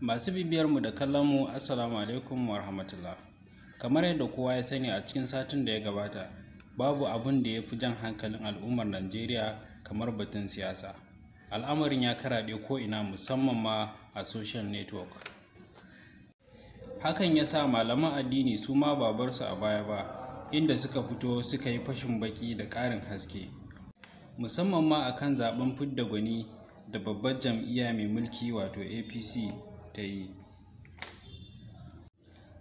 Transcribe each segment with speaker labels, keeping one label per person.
Speaker 1: Masu bibiyarmu da kallon mu Assalamu alaikum warahmatullah Kamar yadda kowa ya sani a cikin satin da ya gabata, babu abin da ya fi jan hankalin al'ummar Najeriya kamar batun siyasa. Al'amarin ya karaɗe ko'ina musamman ma a social network. Hakan ya sa malaman addini su ma babarsu a baya ba, inda suka fito suka yi fashin baki da ƙarin haske. Musamman ma akan zaben fidda gwani da babbar jam'iyya mai mulki wato APC ta yi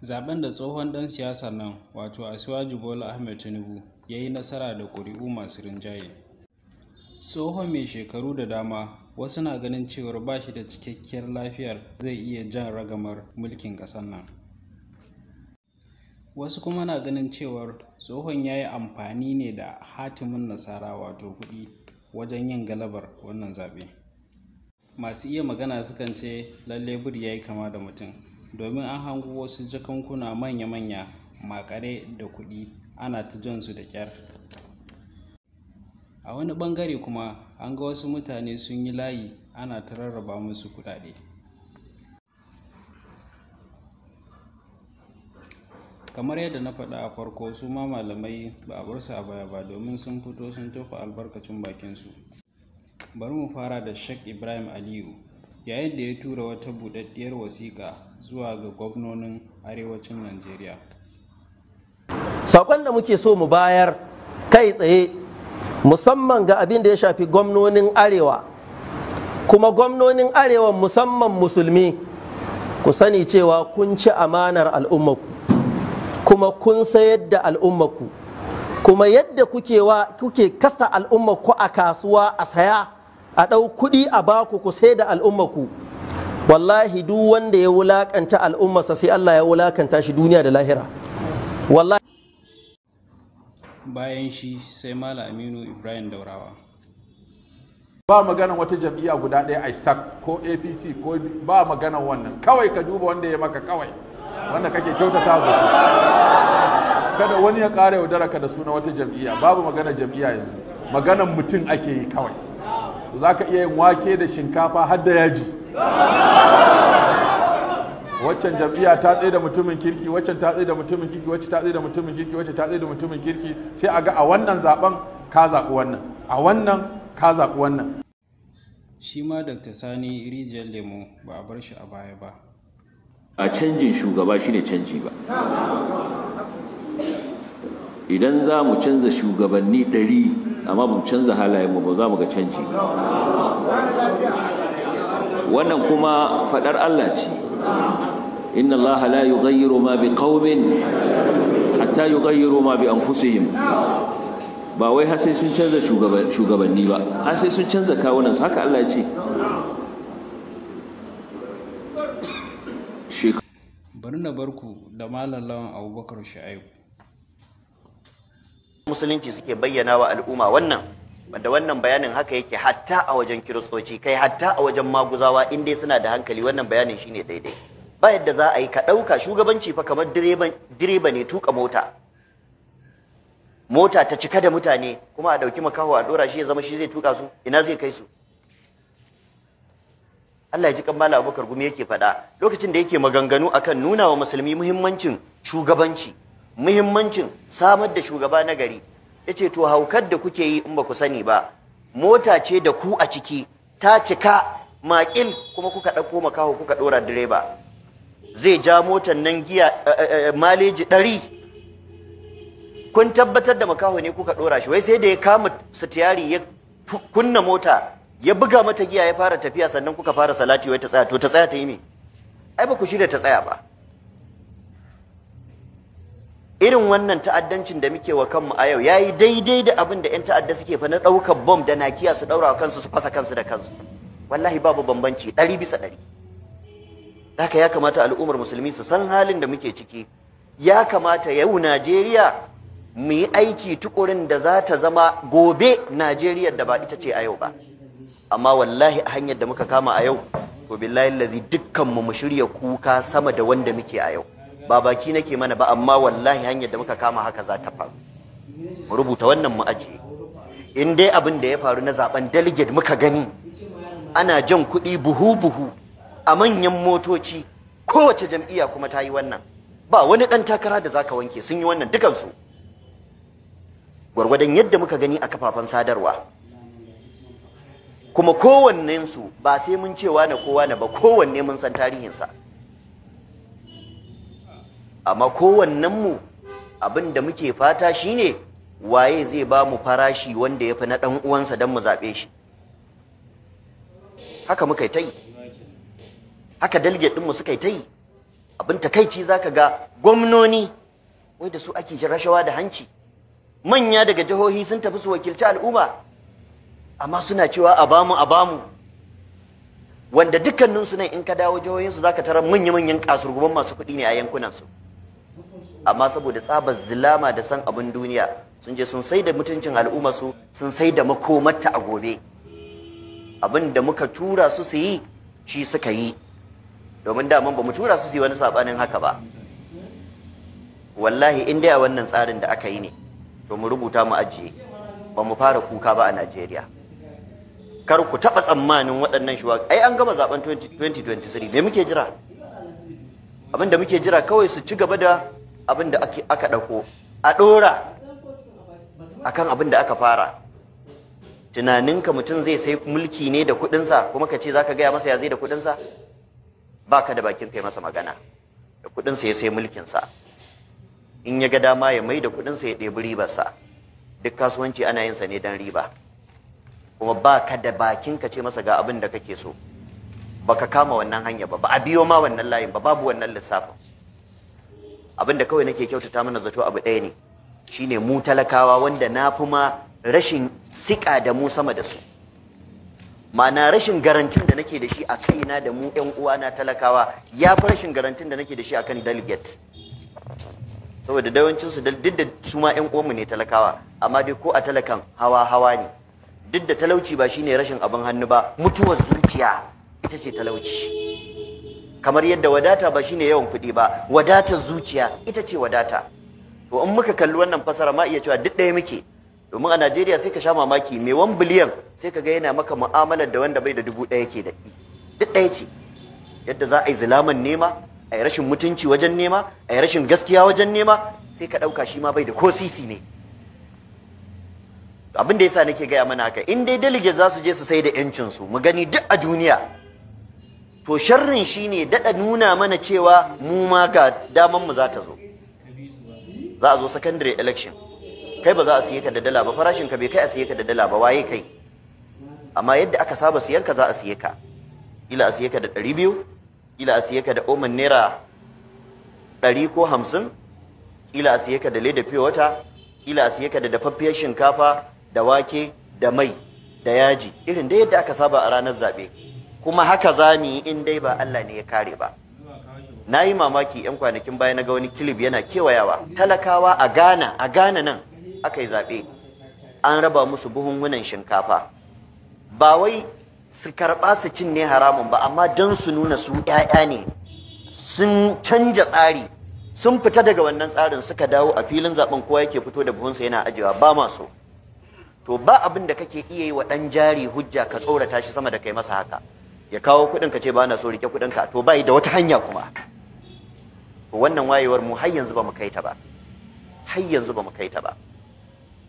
Speaker 1: zaɓen da tsohon ɗan siyasar nan wato asiwaju bola ahmed tinubu ya yi nasara da ƙuri'u masu rinjaye tsohon mai shekaru da dama wasu na ganin cewar ba shi da cikakkiyar lafiyar zai iya jan ragamar mulkin ƙasar nan wasu kuma na ganin cewar tsohon ya yi amfani ne da hatimin nasara wato kuɗi wajen yin galabar wannan zaɓe masu iya magana sukan ce lalle biri ya yi kama da mutum domin an hangu wasu jakankuna manya-manya makare da kuɗi ana ta jan su da kyar. a wani ɓangare kuma an ga wasu mutane sun yi layi ana ta rarraba musu kuɗaɗe kamar yadda na faɗa a farko su ma malamai ba a bar su a baya ba domin sun fito sun tofa albarkacin bakinsu Bari mu fara da Sheikh Ibrahim Aliyu, yayin da ya tura wata buɗaɗɗiyar wasiƙa zuwa ga gwamnonin arewacin Najeriya.
Speaker 2: Saƙon da muke so mu bayar kai tsaye musamman ga abin da ya shafi gwamnonin arewa, kuma gwamnonin arewa musamman musulmi, ku sani cewa kun ci amanar al'ummaku, kuma kun sayar da al'ummaku, kuma yadda kuke kasa al'ummaku a kasuwa a saya. a ɗau kuɗi a baku ku sai da al'ummaku wallahi duk wanda ya wulakanta al'ummarsa sai Allah ya wulakanta shi duniya da lahira wallahi
Speaker 1: bayan shi sai Malam Aminu Ibrahim Daurawa ba magana wata jam'iyya guda ɗaya ISAC ko APC ko ba magana wannan kawai ka duba wanda ya maka kawai wanda kake kyautata zato kada wani ya ƙara yaudara ka da suna wata jam'iyya babu magana jam'iyya yanzu maganan mutum ake yi kawai za ka iya yin wake da shinkafa har da yaji waccan jam'iyya ta tsaye da mutumin kirki waccan ta tsaye da mutumin kirki wacce ta tsaye da mutumin kirki wacce ta tsaye da mutumin kirki sai a ga a wannan zaben ka zaɓi wannan a wannan ka zaɓi wannan shi ma dr sani rijiyar lemo ba a bar shi a baya ba a canjin shugaba shine canji ba idan za mu canza shugabanni ɗari amma mu canza halayenmu ba za mu ga canji wannan kuma faɗar Allah ce inna Allah la yughayyiru ma bi qaumin hatta yughayyiru ma bi anfusihim ba wai har sai sun canza shugabanni ba har sai sun canza kawunan su haka Allah ya ce bari na barku da malam lawan abubakar shu'aibu
Speaker 2: musulunci suke bayyana wa al'umma wannan da wannan bayanin haka yake hatta a wajen kiristoci kai hatta a wajen maguzawa in dai suna da hankali wannan bayanin shine daidai ba yadda za a yi ka ɗauka shugabanci fa kamar direba ne tuka mota mota ta cika da mutane kuma a ɗauki makaho a ɗora shi ya zama shi zai tuka su ina zai kai su Allah ya ji kan Malam Abubakar Gumi yake faɗa lokacin da yake maganganu akan nuna wa musulmi muhimmancin shugabanci muhimmancin samar da shugaba na gari ya ce to haukar da kuke yi in ba ku sani ba mota ce da ku a ciki ta cika makil kuma kuka ɗauko makaho kuka ɗora direba zai ja motar nan giya eh, eh, eh, maleji ɗari kun tabbatar da makaho ne kuka ɗora shi wai sai da ya kama sitiyari ya kunna mota ya buga mata giya ya fara tafiya sannan kuka fara salati wai ta tsaya to ta tsaya ta yi me ai ba ku shirya ta tsaya ba irin wannan ta'addancin da muke wa kanmu a yau ya yi daidai da abin da 'yan ta'adda suke fa na ɗaukar bom da nakiya su ɗaura wa kansu su fasa kansu da kansu wallahi babu bambanci ɗari bisa ɗari haka ya kamata al'ummar musulmi su san halin da muke ciki ya kamata yau najeriya mu yi aiki tukurin da za ta zama gobe najeriya da ba ita ce a yau ba amma wallahi a hanyar da muka kama a yau to billahi lazi dukkanmu mu shirya kuka sama da wanda muke a yau ba baki nake mana ba amma wallahi hanyar da muka kama haka za ta faru mu rubuta wannan mu ajiye in dai abin da ya faru na zaben delegate muka gani ana jan kuɗi buhu buhu a manyan motoci kowace jam'iyya kuma ta yi wannan ba wani ɗan takara da zaka wanke sun yi wannan dukansu gwargwadon yadda muka gani a kafafen sadarwa kuma kowannensu ba sai mun cewa na kowa na ba kowanne mun san tarihinsa amma kowannenmu abin da muke fata shine waye zai ba mu farashi wanda ya fi na ɗan uwansa don mu zaɓe shi haka muka yi ta yi haka delegate ɗinmu suka yi ta yi abin takaici za ka ga gwamnoni wai da su ake rashawa da hanci manya daga jihohi sun tafi su wakilci al'umma amma suna cewa a bamu a bamu wanda dukkaninsu nan in ka dawo jihohinsu za ka tarar manya-manyan kasurguman masu kuɗi ne a yankunansu amma saboda tsabar zilama da san abin duniya sun je sun sai da mutuncin al'umma su sun sai da makomarta a gobe abin da muka tura su su yi shi suka yi domin daman ba mu tura su su yi wani sabanin haka ba wallahi in dai a wannan tsarin da aka yi ne to mu rubuta mu ajiye ba mu fara kuka ba a Najeriya kar ku taɓa tsammanin waɗannan shuwa ai an gama zaben 2023 me muke jira abin da muke jira kawai su ci gaba da abin da aka ɗauko a ɗora A kan abin da aka fara tunaninka mutum zai sai mulki ne da kuɗinsa kuma ka ce za ka gaya masa ya zai da kuɗinsa ba ka da bakin kai masa magana da kuɗinsa ya sai mulkinsa in ya ga dama ya mai da kuɗinsa ya ɗebi ribarsa duk kasuwanci ana yin sa ne don riba kuma ba ka da bakin ka ce masa ga abin da kake so Ba ka kama wannan hanya ba ba a biyo ma wannan layin ba babu wannan lissafin Abin da kawai nake kyautata mana zato abu ɗaya ne shine mu talakawa wanda na fi ma rashin siƙa da mu sama da su ma'ana rashin garantin da nake da shi a kaina da mu ƴan uwana talakawa ya fi rashin garantin da nake da shi a kan delegate saboda dawancin su duk da su ma ƴan uwanmu ne talakawa amma dai ko a talakan hawa hawa ne duk da talauci ba shine rashin abin hannu ba mutuwar zuciya ita ce talauci kamar yadda wadata ba shine yawan kuɗi ba wadatar zuciya ita ce wadata to in muka kalli wannan fasara ma iya cewa duk ɗaya muke domin a Najeriya sai ka sha mamaki mai wan biliyan sai ka ga yana maka mu'amalar da wanda bai da dubu ɗaya ke da duk ɗaya ce yadda za a yi zilaman nema a yi rashin mutunci wajen nema a yi rashin gaskiya wajen nema sai ka ɗauka shi ma bai da ko sisi ne abin da yasa nake gaya mana haka in dai delegate za su je su sai da 'yancinsu mu gani duk a duniya to sharrin ne daɗa nuna mana cewa mu ma ga daman mu za ta zo za a zo secondary election kai ba za a siye ka da dala ba farashin ka bai kai a siye ka da dala ba waye kai amma yadda aka saba siyan ka za a siye ka ila a siye ka da ɗari biyu ila a siye ka da oman naira ɗari ko hamsin ila a siye ka da leda fiye wata ila a siye ka da dafaffiyar shinkafa da wake da mai da yaji irin da yadda aka saba a ranar zaɓe kuma haka za mu yi in dai ba Allah ne ya kare ba na yi mamaki 'yan kwanakin baya na ga wani kilib yana kewayawa talakawa a ghana a ghana nan aka yi zaɓe an raba musu buhunhunan shinkafa ba wai su karɓa su cin ne haramun ba amma don su nuna su 'ya'ya ne sun canja tsari sun fita daga wannan tsarin suka dawo a filin zaɓen kowa yake fito da buhunsa yana ajiyewa ba masu to ba abin da kake iya yi wa ɗan jari hujja ka tsorata shi sama da kai masa haka ya kawo kudin ka ce ba na so rike kudin ka to bai da wata hanya kuma wannan wayewar mu har yanzu ba mu kai ta ba har yanzu ba mu kai ta ba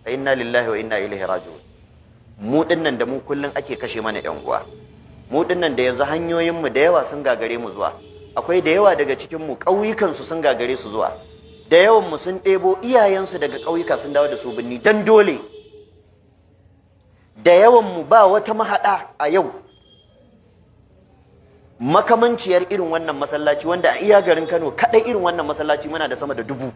Speaker 2: fa inna lillahi wa inna ilaihi raji'un mu dinnan da mu kullun ake kashe mana yan uwa mu dinnan da yanzu hanyoyin mu da yawa sun gagare mu zuwa akwai da yawa daga cikin mu ƙauyukan su sun gagare su zuwa da yawan mu sun ɗebo iyayensu daga ƙauyuka sun dawo da su binni dan dole da yawan mu ba wata mahada a yau makamanciyar irin wannan masallaci wanda a iya garin Kano kaɗai irin wannan masallaci muna da sama da dubu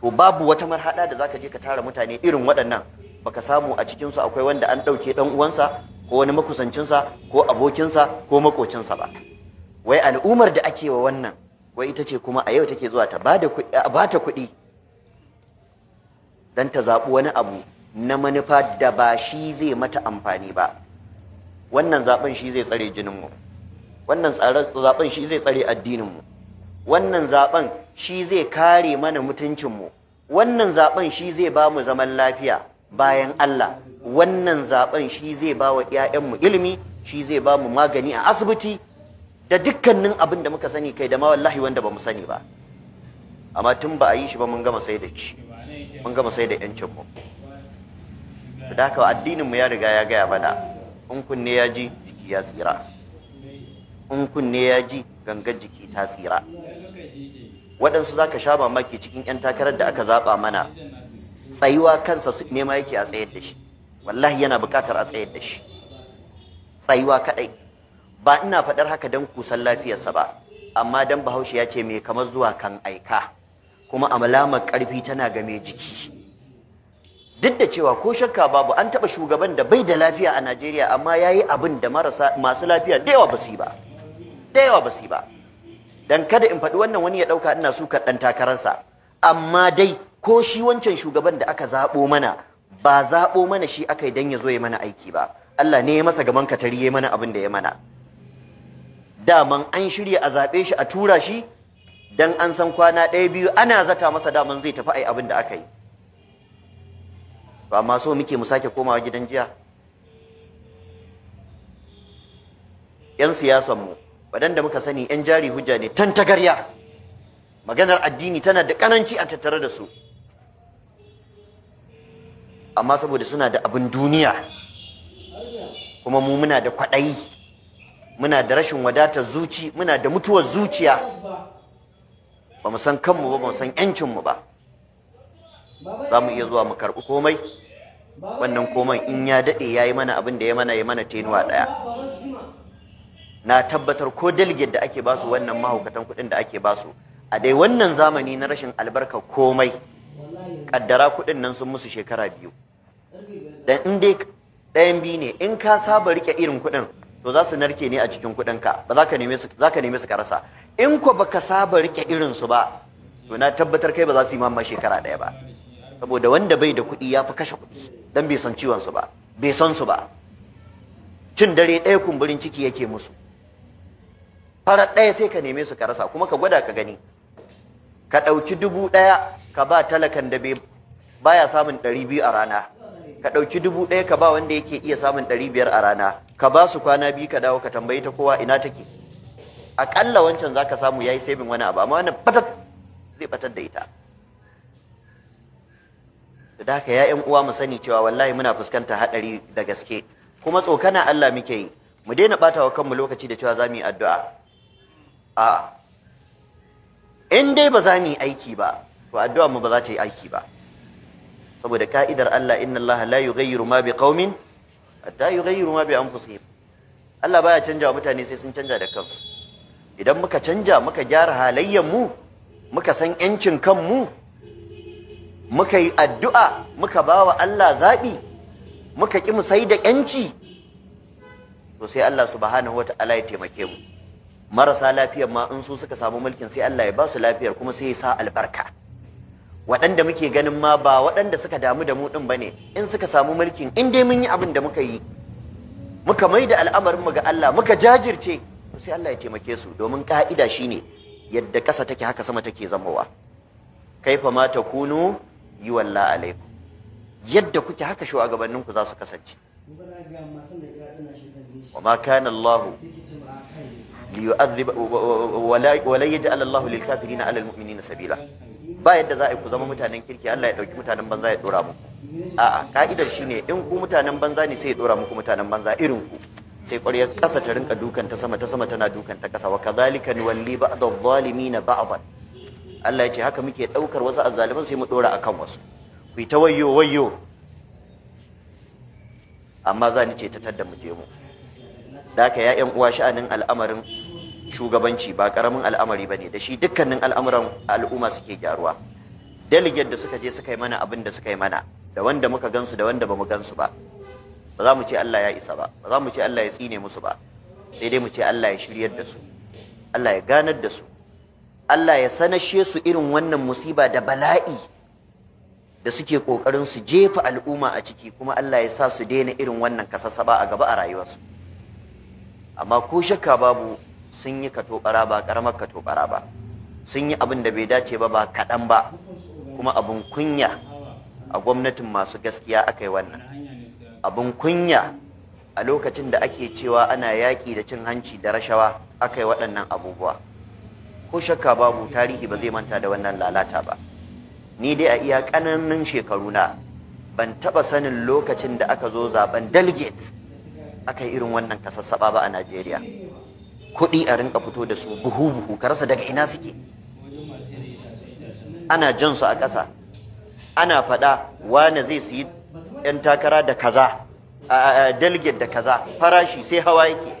Speaker 2: to babu wata marhaɗa da zaka je ka tara mutane irin waɗannan baka samu a cikin su akwai wanda an ɗauke ɗan uwansa ko wani makusancinsa ko abokinsa ko makocinsa ba wai al'ummar da ake wa wannan wai ita ce kuma a yau take zuwa ta ba ta kuɗi don ta zaɓi wani abu na manufa da ba shi zai mata amfani ba wannan zaɓen shi zai tsare jinin jininmu wannan zaben shi zai tsare addininmu wannan zaben shi zai kare mana mutuncinmu wannan zaben shi zai ba mu zaman lafiya bayan Allah wannan zaben shi zai ba wa 'ya'yanmu ilimi shi zai ba mu magani a asibiti da dukkanin abin da muka sani kai da ma wallahi wanda ba mu sani ba amma tun ba a yi shi ba mun gama sai da shi mun gama sai da mu da haka addininmu ya riga ya gaya mana in kunne ya ji jiki ya tsira in kunne ya ji gangar jiki ta tsira waɗansu za ka sha mamaki cikin 'yan takarar da aka zaɓa mana tsayuwa kansa su nema yake a tsayar da shi wallahi yana buƙatar a tsayar da shi tsayuwa kaɗai ba ina faɗar haka don kusan lafiyarsa ba amma don bahaushe ya ce mai kamar zuwa kan aika kuma a alamar ƙarfi tana ga mai jiki duk da cewa ko shakka babu an taɓa shugaban da bai da lafiya a najeriya amma ya yi abin da masu lafiya da yawa ba su yi ba da yawa ba su yi ba dan kada in faɗi wannan wani ya ɗauka ina suka ɗan takararsa amma dai ko shi wancan shugaban da aka zaɓo mana ba zaɓo mana shi aka yi dan ya zo ya mana aiki ba Allah ne ya masa gaban katari ya mana abin da ya mana daman an shirya a zaɓe shi a tura shi dan an san kwana ɗaya biyu ana zata masa daman zai tafi ai abin da aka yi ba so muke mu sake komawa gidan jiya 'yan siyasanmu waɗanda muka sani 'yan jari hujja ne tan tagarya maganar addini tana da ƙananci a tattare da su amma saboda suna da abin duniya kuma mu muna da kwaɗayi muna da rashin wadatar zuci muna da mutuwar zuciya ba mu san kanmu ba ba mu san 'yancinmu ba za mu iya zuwa mu karɓi komai wannan komai in ya daɗe ya yi mana abin da ya mana ya mana tenuwa ɗaya na tabbatar ko delegate da ake basu wannan mahaukatan kuɗin da ake basu a dai wannan zamani na rashin albarka komai kaddara kuɗin nan sun musu shekara biyu dan in dai ɗayan biyu ne in ka saba rike irin kuɗin to za su narke ne a cikin kuɗinka ba za ka neme su za ka neme su karasa rasa in ko baka saba rike irin su ba to na tabbatar kai ba za su yi mamma shekara ɗaya ba saboda wanda bai da kuɗi ya fi kashe kuɗi dan bai san ciwon su ba bai san su ba cin dare ɗaya kumburin ciki yake musu fara ɗaya sai ka neme su ka rasa kuma ka gwada ka gani ka ɗauki dubu ɗaya ka ba talakan da baya samun ɗari biyu a rana ka ɗauki dubu ɗaya ka ba wanda yake iya samun ɗari biyar a rana ka ba su kwana biyu ka dawo ka tambayi ta kowa ina take aƙalla wancan za ka samu ya yi sabin wani abu amma wannan fatat zai fatar da ita da haka ya uwa mu sani cewa wallahi muna fuskanta haɗari da gaske kuma tsokana Allah muke yi mu daina ɓata wa kanmu lokaci da cewa za mu yi addu'a a in dai ba za mu yi aiki ba to addu'a mu ba za ta yi aiki ba saboda ka'idar Allah inna Allah la yughayyiru ma biqaumin hatta yughayyiru ma bi anfusihim Allah baya canja wa mutane sai sun canja da kansu idan muka canja muka gyara halayyar mu muka san yancin kanmu muka yi addu'a muka bawa Allah zabi muka ki mu sai da yanci to sai Allah subhanahu wata'ala ya taimake mu marasa lafiyar ma in su suka samu mulkin sai Allah ya ba su lafiyar kuma sai ya sa albarka waɗanda muke ganin ma ba waɗanda suka damu da mu ɗin ba ne in suka samu mulkin in dai mun yi abin da muka yi muka mai da al'amarinmu ga Allah muka jajirce sai Allah ya taimake su domin ka'ida shine yadda ƙasa take haka sama take zamowa kaifa ma yi yuwalla alaikum yadda kuke haka shugabanninku za su kasance wa ma kana liyu'adhib wala yaj'al Allahu lil kafirina 'ala al mu'minina sabila ba yadda za a yi ku zama mutanen kirki Allah ya dauki mutanen banza ya dora muku a'a ka'idar shine in ku mutanen banza ne sai ya dora muku mutanen banza irin ku sai ya ƙasa ta rinka dukan ta sama ta sama tana dukan ta ƙasa wa kadhalika nuwalli ba'd adh-dhalimin ba'dan Allah ya ce haka muke ɗaukar wasu azzaliman sai mu dora akan wasu ku yi ta wayyo wayyo amma za ni ce ta tadda mu je mu da ya yan uwa sha'anin al'amarin shugabanci ba karamin al'amari bane da shi dukkanin al'amuran al'umma suke gyaruwa delegate da suka je suka yi mana abin da suka yi mana da wanda muka gansu da wanda bamu gansu ba ba za mu ce Allah ya isa ba ba za mu ce Allah ya tsine musu ba sai dai mu ce Allah ya shiryar da su Allah ya ganar da su Allah ya sanashe su irin wannan musiba da bala'i da suke kokarin su jefa al'umma a ciki kuma Allah ya sa su daina irin wannan kasasaba a gaba a rayuwarsu amma ko shakka babu sun yi katobara ba kato katobara ba sun yi abin da bai dace ba ba kaɗan ba kuma abin kunya a gwamnatin masu gaskiya aka yi wannan abin kunya a lokacin da ake cewa ana yaƙi da cin hanci da rashawa aka yi waɗannan abubuwa ko shakka babu tarihi ba zai manta da wannan lalata ba ni dai a iya ƙananan shekaruna ban taɓa sanin lokacin da aka zo zaben delegate aka yi irin wannan kasassaba ba a Najeriya kuɗi a rinka fito da su buhu buhu ka rasa daga ina suke ana jan su a ƙasa ana faɗa wane zai su yi ɗan takara da kaza a delegate da kaza farashi sai hawa yake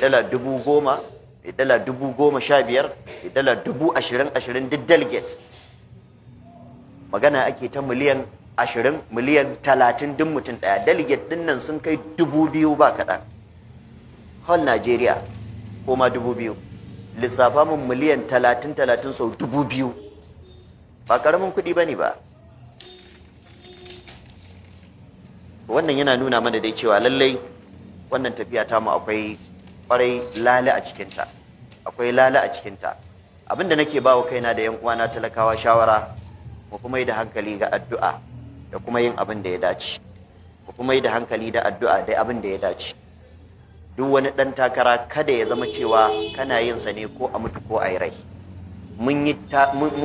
Speaker 2: dala dubu goma dala dubu goma sha biyar dala dubu ashirin ashirin duk delegate magana ake ta miliyan ashirin miliyan talatin din mutum ɗaya delegate ɗin nan sun kai dubu biyu ba kaɗan hall najeriya ko ma dubu biyu lissafa mun miliyan talatin talatin sau dubu biyu ba ƙaramin kuɗi ba ne ba wannan yana nuna mana dai cewa lallai wannan tafiya tamu akwai kwarai lale a cikinta akwai lale a cikinta abinda nake ba wa kaina da 'yan uwana talakawa shawara mu kuma yi da hankali ga addu'a da kuma yin abin da ya dace ku kuma yi da hankali da addu'a da abin da ya dace duk wani ɗan takara kada ya zama cewa kana yin sa ne ko a mutu ko a yi rai mun yi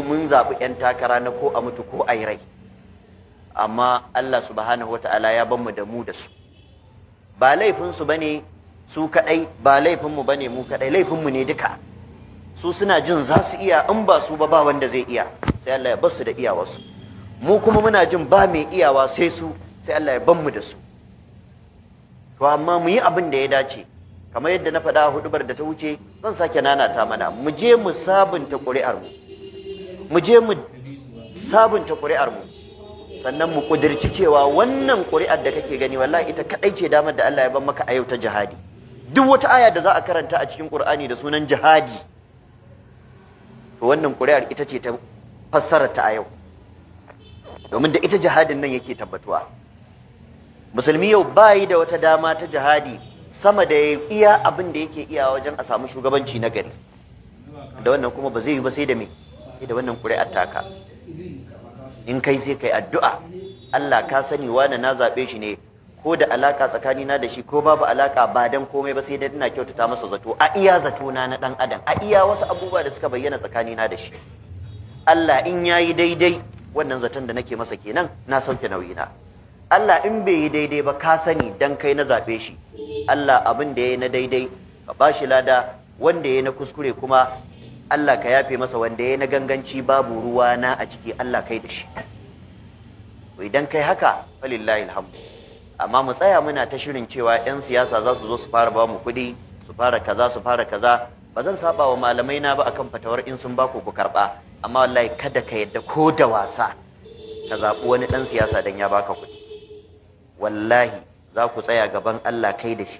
Speaker 2: mun zaɓi 'yan takara na ko a mutu ko a yi rai amma Allah subhanahu ta'ala ya ban da mu da su ba ba ne su kaɗai ba laifinmu ba ne mu kaɗai laifinmu ne duka su suna jin za su iya in ba su ba ba wanda zai iya sai Allah ya basu da iyawarsu mu kuma muna jin ba mai iyawa sai su sai Allah ya ban mu da su to amma mu yi abin da ya dace kamar yadda na faɗa hudubar da ta wuce zan sake nanata mana mu je mu sabunta ƙuri'ar mu mu je mu sabunta ƙuri'ar mu sannan mu kudirci cewa wannan ƙuri'ar da kake gani wallahi ita kadai ce damar da Allah ya ban maka a yau ta jihadi duk wata aya da za a karanta a cikin ƙur'ani da sunan jihadi to wannan ƙuri'ar ita ce ta fassara ta a yau domin da ita jihadin nan yake tabbatuwa musulmi yau bayi da wata dama ta jihadi sama da ya iya abin da yake iya wajen a samu shugabanci na gari da wannan kuma ba zai yi ba sai da me sai da wannan ƙuri'ar taka in kai sai kai addu'a Allah ka sani wani na zaɓe shi ne ko da alaka tsakanina da shi ko babu alaka ba dan komai ba sai da ina kyautata masa zato a iya zato na na dan adam a iya wasu abubuwa da suka bayyana tsakanina da shi Allah in yayi daidai wannan zaton da nake masa kenan na sauke nauyina Allah in bai yi daidai ba ka sani dan kai na zaɓe shi Allah abin da ya na daidai ka ba shi lada wanda yayi na kuskure kuma Allah ka yafe masa wanda ya yi na ganganci babu ruwa na a ciki Allah kai da shi idan kai haka falillahi alhamdu amma mu tsaya muna ta shirin cewa 'yan siyasa za su zo su fara ba mu kuɗi su fara kaza su fara kaza ba zan saba wa malamai na ba akan fatawar in sun ba ku ku karɓa amma wallahi kada ka yadda ko da wasa ka zaɓi wani ɗan siyasa don ya baka kuɗi wallahi za ku tsaya gaban Allah kai da shi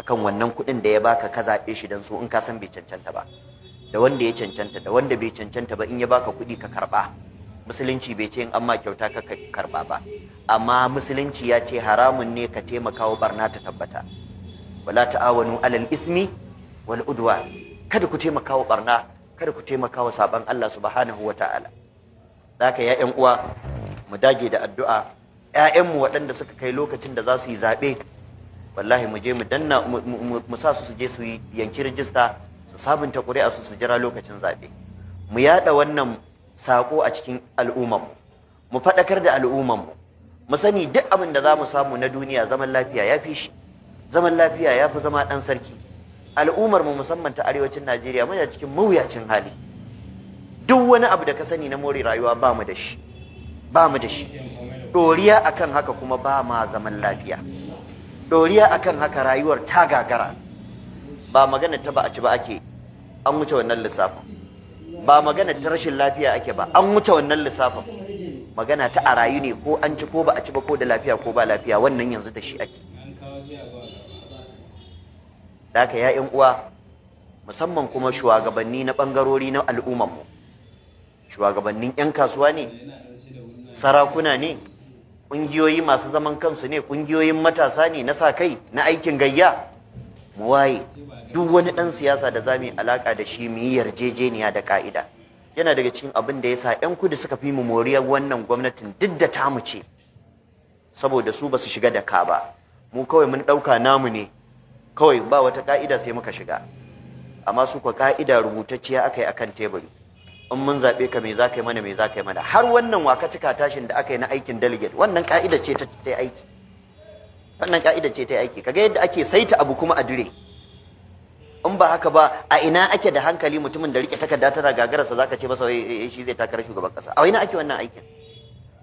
Speaker 2: akan wannan kuɗin da ya baka ka zaɓe shi don su in ka san bai cancanta ba da wanda ya cancanta da wanda bai cancanta ba in ya baka kuɗi ka karɓa musulunci bai ce in an kyauta ka karɓa ba amma musulunci ya ce haramun ne ka taimakawa barna ta tabbata wala ta'awanu alal ismi wal udwa kada ku taimaka wa barna kada ku taimaka wa saban Allah subhanahu wa ta'ala haka ya yan uwa mu dage da addu'a ƴaƴanmu waɗanda suka kai lokacin da za su yi zaɓe wallahi mu je mu danna mu sa su su je su yi yanki rijista su sabunta ƙuri'a su su jira lokacin zaɓe mu yaɗa wannan saƙo a cikin al'umman mu faɗakar da al'umman mu mu sani duk abin da za mu samu na duniya zaman lafiya ya fi shi zaman lafiya ya fi zama ɗan sarki al'ummar mu musamman ta arewacin Najeriya muna cikin mawuyacin hali duk wani abu da ka sani na more rayuwa ba mu da shi ba mu da shi doriya akan haka kuma ba ma zaman lafiya doriya akan haka rayuwar ta gagara ba magana ta ba a ci ba ake an wuce wannan lissafin ba magana ta rashin lafiya ake ba an wuce wannan lissafin magana ta a rayu ne ko an ci ko ba a ci ba ko da lafiya ko ba lafiya wannan yanzu da shi ake Daka ya yan uwa musamman kuma shugabanni na bangarori na al'ummar mu shugabannin yan kasuwa ne sarakuna ne kungiyoyi masu zaman kansu ne kungiyoyin matasa ne na sa kai na aikin gayya mu waye duk wani dan siyasa da zamu yi alaka da shi mu yi yarjejeniya da ka'ida yana daga cikin abin da yasa yan kudu suka fi mu moriyar wannan gwamnatin duk da tamu ce saboda su basu shiga da ka ba mu kawai mun ɗauka namu ne kawai ba wata ka'ida sai muka shiga amma su kwa ka'ida rubutacciya aka yi kan teburi in mun zaɓe ka me za ka yi mana me za ka yi mana har wannan waka cika tashin da aka yi na aikin delegate wannan ka'ida ce ta ta aiki wannan ka'ida ce ta aiki kaga yadda ake saita abu kuma a dire in ba haka ba a ina ake da hankali mutumin da rike takarda tana gagararsa za ka ce masa eh, shi zai takarar shugaban kasa a ina ake wannan aikin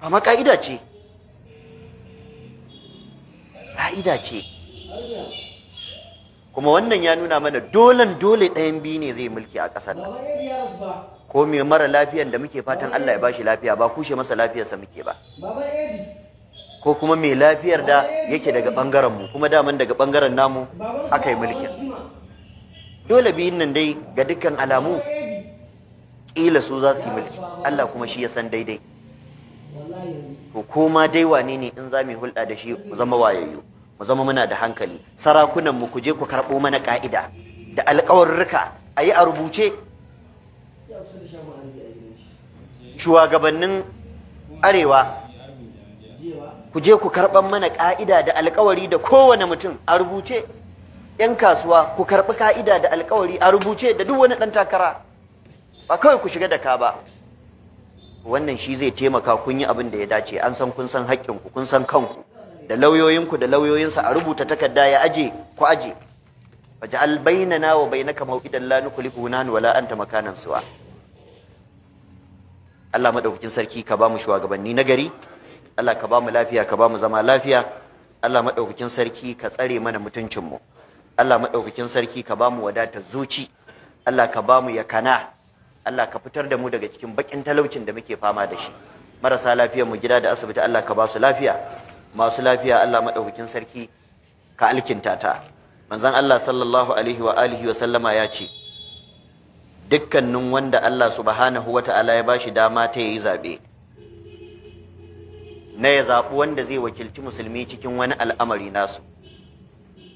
Speaker 2: amma ka'ida ce ka'ida ce kuma wannan ya nuna mana dolan dole ɗayan biyu ne zai mulki a ƙasar nan ko me mara lafiyan da muke fatan Allah ya bashi lafiya ba kushe masa lafiyarsa muke ba ko kuma mai lafiyar da yake daga bangaren mu kuma daman daga bangaren namu aka yi mulkin dole biyun nan dai ga dukkan alamu ƙila su za su yi mulki Allah kuma shi ya san daidai ko ma dai wane ne in za mu hulɗa da shi zama wayayyo? mu zama muna da hankali sarakunan mu ku je ku karɓo mana ka'ida da alƙawarruka a yi a rubuce shugabannin arewa ku je ku karɓan mana ka'ida da alƙawari da kowane mutum a rubuce 'yan kasuwa ku karɓi ka'ida da alƙawari a rubuce da duk wani ɗan takara ba kawai ku shiga da ka ba wannan shi zai taimaka kun yi abin da ya dace an san kun san haƙƙinku kun san kanku da lauyoyinku da lauyoyinsa a rubuta takarda ya aje ku aje albaina bainana wa bainaka mawqidan la nukhlifu nan wala anta makanan suwa Allah madaukakin sarki ka ba mu shugabanni na gari Allah ka ba mu lafiya ka ba mu zama lafiya Allah madaukakin sarki ka tsare mana mutuncin mu Allah madaukakin sarki ka ba mu wadatar zuci Allah ka ba mu yakana Allah ka fitar da mu daga cikin bakin talaucin da muke fama da shi marasa lafiyar mu gida da asibiti Allah ka ba su lafiya masu lafiya Allah maɗaukin sarki ka alkinta ta manzon Allah sallallahu alaihi wa alihi wa sallama ya ce dukkanin wanda Allah subhanahu wa ta'ala ya bashi dama ta yi zaɓe. na ya zaɓi wanda zai wakilci musulmi cikin wani al'amari nasu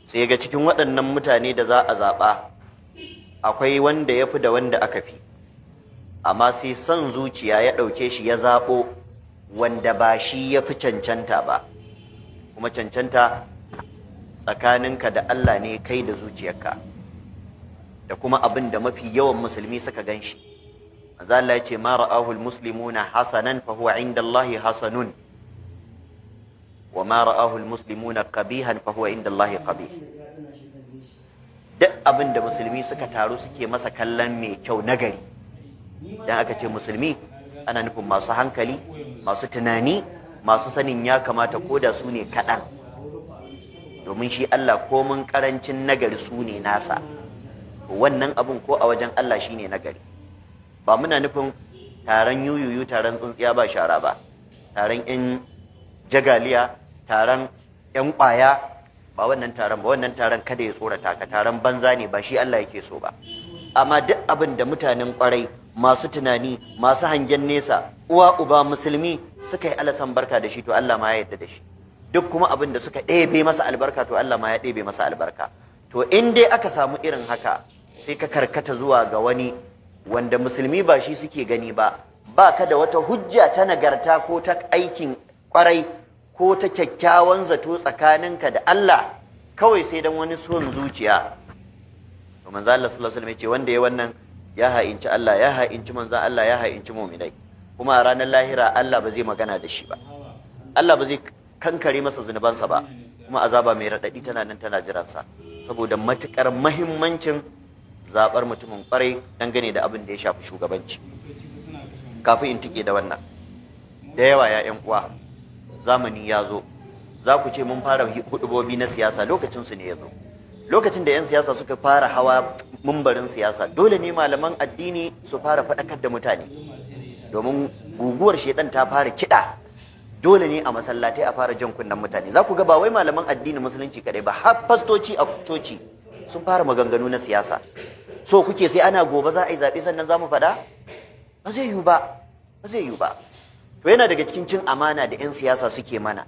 Speaker 2: sai ga cikin waɗannan mutane da za a zaɓa akwai wanda ya fi da wanda aka fi amma sai son zuciya ya ɗauke shi ya zaɓo wanda ba shi ya fi cancanta ba kuma cancanta tsakaninka da Allah ne kai da zuciyarka da kuma abin da mafi yawan musulmi suka gan shi manzo Allah ya ce ma ra'ahu almuslimuna hasanan fa huwa inda Allah hasanun wa ma ra'ahu almuslimuna qabihan fa huwa inda Allah qabih duk abin da musulmi suka taru suke masa kallon mai kyau nagari dan aka ce musulmi ana nufin masu hankali masu tunani masu sanin ya kamata ko da su ne kaɗan domin shi Allah komin ƙarancin nagari su ne nasa wannan abin ko a wajen Allah shi ne nagari ba muna nufin taron yuyuyu taron tsuntsiya ba shara ba taron 'yan jagaliya taron 'yan ƙwaya ba wannan taron ba wannan taron kada ya tsorata ka taron banza ne ba shi Allah yake so ba amma duk abin da mutanen ƙwarai masu tunani masu hangen nesa uwa uba musulmi suka yi alasan barka da shi to Allah ma ya yarda da shi duk kuma abin da suka ɗebe masa albarka to Allah ma ya ɗebe masa albarka to in dai aka samu irin haka sai ka karkata zuwa ga wani wanda musulmi ba shi suke gani ba ba ka da wata hujja ta nagarta ko ta aikin kwarai ko ta kyakkyawan zato tsakaninka da Allah kawai sai dan wani son zuciya to manzo Allah sallallahu alaihi wasallam ya ce wanda ya wannan ya ha'inci Allah ya ha'inci manzo Allah ya ha'inci mu'minai kuma a ranar lahira Allah ba zai magana da shi ba Allah ba zai kankare masa zunubansa ba kuma azaba mai raɗaɗi tana nan tana jiransa saboda matuƙar mahimmancin zaɓar mutumin ƙwarai dangane da abin da ya shafi shugabanci kafin in tike da wannan da yawa ya ƴan uwa zamani ya zo za ku ce mun fara hudubobi na siyasa lokacin su ne ya zo lokacin da 'yan siyasa suka fara hawa mumbarin siyasa dole ne malaman addini su fara faɗakar da mutane domin guguwar shaitan ta fara kiɗa dole ne a masallatai a fara jan kunnen mutane za ku ga ba wai malaman addinin musulunci kadai ba har fastoci a coci sun fara maganganu na siyasa so kuke sai ana gobe za a yi zaɓe sannan za mu faɗa ba zai yiwu ba ba zai yiwu ba to yana daga cikin cin amana da 'yan siyasa suke mana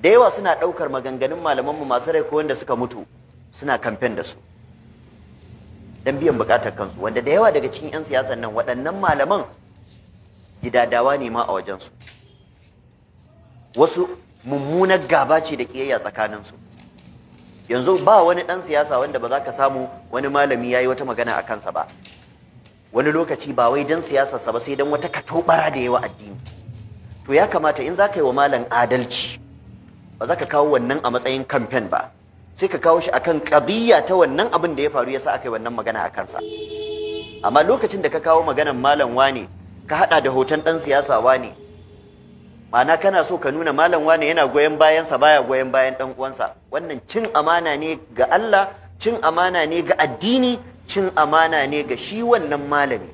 Speaker 2: da yawa suna ɗaukar maganganun malamanmu masu rai ko wanda suka mutu suna kamfen da su don biyan bukatar kansu wanda da yawa daga cikin 'yan siyasan nan waɗannan malaman gidadawa ne ma a wajensu wasu mummunar gaba ce da kiyayya tsakaninsu yanzu ba wani ɗan siyasa wanda ba za ka samu wani malami ya yi wata magana a kansa ba wani lokaci ba wai don siyasarsa ba sai don wata katobara da yawa addini to ya kamata in za ka yi wa malam adalci ba za ka kawo wannan a matsayin kamfen ba sai ka kawo shi akan ƙabiya ta wannan abin da ya faru ya sa aka yi wannan magana a kansa amma lokacin da ka kawo maganan malam wane ka haɗa da hoton ɗan siyasa ne. ma'ana kana so ka nuna malam ne yana goyon bayansa baya goyon bayan ɗan uwansa wannan cin amana ne ga Allah cin amana ne ga addini cin amana ne ga shi wannan malami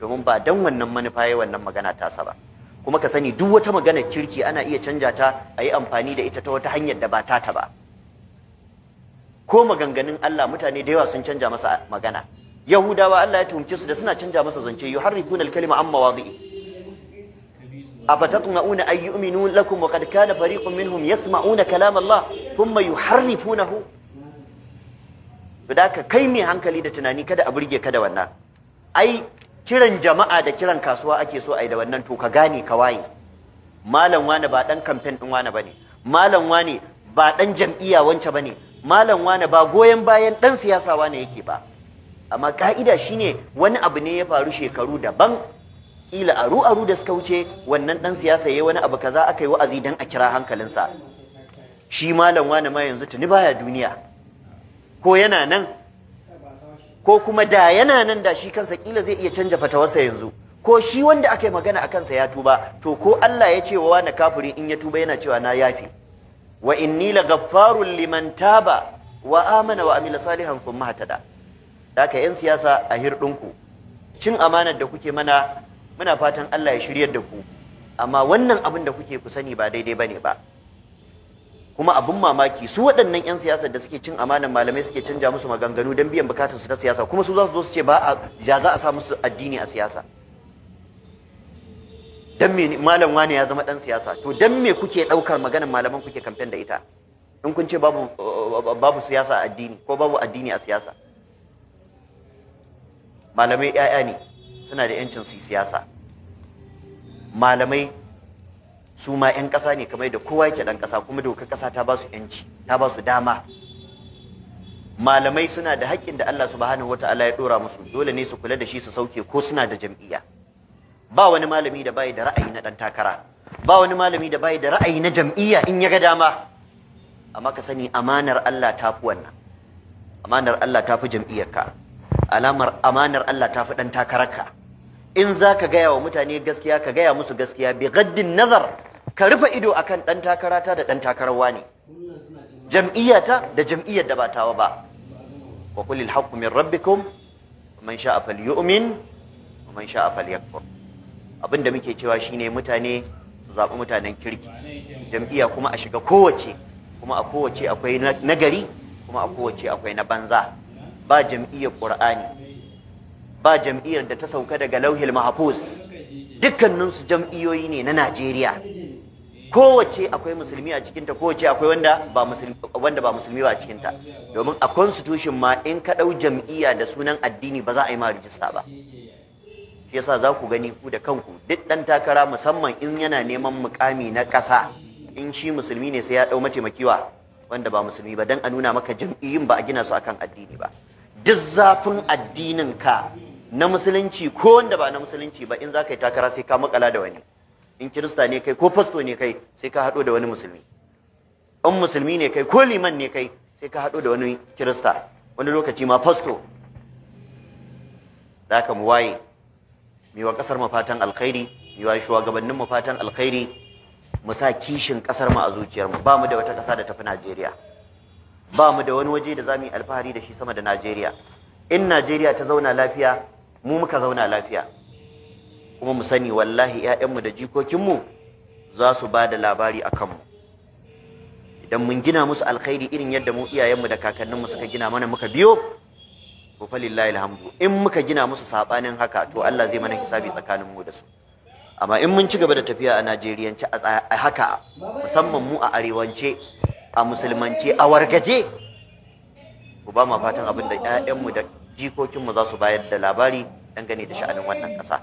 Speaker 2: domin ba dan wannan manufa yayin wannan magana tasa ba kuma ka sani duk wata magana kirki ana iya canja ta ayi amfani da ita ta wata hanyar da ba ta ta ba ko maganganun Allah mutane da yawa sun canja masa magana yahudawa Allah ya tuhumce su da suna canja masa zance yuharrifuna al-kalima an mawadi'i afatatma'una ay yu'minu lakum wa qad kana fariqun minhum yasma'una kalam Allah thumma yuharrifunahu bidaka kai mai hankali da tunani kada a burge ka da wannan ai kiran jama'a da kiran kasuwa ake so ai da wannan to ka gane ka waye malam wani ba dan kamfen din wani bane malam wani ba dan jam'iyya wance bane malam wani ba goyen bayan ɗan siyasa wani yake ba amma ka'ida shine wani abu ne ya faru shekaru daban kila aru aru da suka wuce wannan dan siyasa yayi wani abu kaza aka yi wa'azi dan a kira hankalinsa shi malam wani ma yanzu tuni baya duniya ko yana nan ko kuma da yana nan da shi kansa kila zai iya canja fatawarsa yanzu ko shi wanda aka yi magana a kansa ya tuba to ko Allah ya ce wa wani kafiri in ya tuba yana cewa na yafi wa inni la ghaffarun liman taba wa amana wa amila salihan thumma hatada haka 'yan siyasa a hirɗinku cin amanar da kuke mana muna fatan Allah ya shiryar da ku amma wannan abin da kuke ku sani ba daidai ne ba kuma abin mamaki su waɗannan 'yan siyasar da suke cin amanar malamai suke canja musu maganganu don biyan bukatar su ta siyasa kuma su za su zo su ce ba a ja za a sa musu addini a siyasa dan me malam wane ya zama dan siyasa to dan me kuke daukar maganar malaman kuke kamfen da ita in kun ce babu babu siyasa addini ko babu addini a siyasa malamai 'ya'ya ne suna da 'yancin su siyasa malamai su ma 'yan ƙasa ne kamar da kowa yake ɗan ƙasa kuma dokar ƙasa ta ba su 'yanci ta ba su dama malamai suna da haƙƙin da Allah subhanahu wata'ala ya ɗora musu dole ne su kula da shi su sauke ko suna da jam'iyya ba wani malami da bai da ra'ayi na ɗan takara ba wani malami da bai da ra'ayi na jam'iyya in ya ga dama amma ka sani amanar Allah ta fi wannan amanar Allah ta fi jam'iyyarka alamar amanar Allah ta fi ɗan takararka in za ka gaya wa mutane gaskiya ka gaya musu gaskiya bi gaddin nazar ka rufe ido akan ɗan takarata da ɗan takararwa ne jam'iyyata da jam'iyyar da ba tawa ba wa qul al min rabbikum man sha'a falyu'min wa man sha'a falyakfur abinda muke cewa shine mutane su zaɓi mutanen kirki jam'iyya kuma a shiga kowace kuma a kowace akwai nagari kuma a kowace akwai na banza ba jam'iyyar qur'ani ba jam'iyyar da ta sauka daga lauhil mahfuz dukkaninsu jam'iyyoyi ne na Najeriya kowace akwai musulmi a cikinta kowace akwai wanda ba musulmi ba a cikinta domin a constitution ma in ka ɗau jam'iyya da sunan addini ba za a yi ma rijista ba shi yasa za ku gani ku da kanku duk ɗan takara musamman in yana neman mukami na ƙasa in shi musulmi ne sai ya ɗau mataimakiwa wanda ba musulmi ba don a nuna maka jam'iyyun ba a gina su akan addini ba duk zafin addinin ka na musulunci ko wanda ba na musulunci ba in za ka yi takara sai ka makala da wani in kirista ne kai ko fasto ne kai sai ka haɗo da wani musulmi in musulmi ne kai ko liman ne kai sai ka haɗo da wani kirista wani lokaci ma fasto da ka mu waye mai wa ƙasar mu fatan alkhairi mai wa shugabannin mu fatan alkhairi mu sa kishin ƙasar mu a zuciyar mu ba mu da wata ƙasa da tafi Najeriya ba mu da wani waje da za mu yi alfahari da shi sama da Najeriya in Najeriya ta zauna lafiya mu muka zauna lafiya kuma mu sani wallahi 'ya'yanmu da jikokinmu za su ba da labari a kanmu idan mun gina musu alkhairi irin yadda mu iyayenmu da kakanninmu suka gina mana muka biyo ko falillahi alhamdu in muka gina musu saɓanin haka to Allah zai mana hisabi tsakanin mu da su amma in mun ci gaba da tafiya a Najeriyance a haka musamman mu a arewance a musulmanci a wargaje ku ba mu fatan abin da ƴaƴanmu da jikokinmu za su bayar da labari dangane da sha'anin wannan ƙasa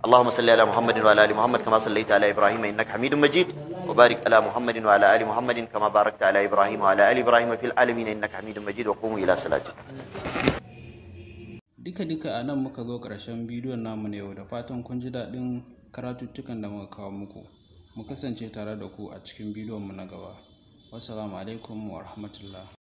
Speaker 2: اللهم صل على محمد وعلى ال محمد كما صليت على ابراهيم انك حميد مجيد وبارك على محمد وعلى ال محمد كما باركت على ابراهيم وعلى ال ابراهيم في العالمين انك حميد مجيد وقوموا الى صلاتكم
Speaker 1: duka duka a nan muka zo ƙarshen bidiyon namu na yau da fatan kun ji daɗin karatuttukan da muka kawo muku mu kasance tare da ku a cikin bidiyon mu na gaba Wassalamu alaikum wa rahmatullah.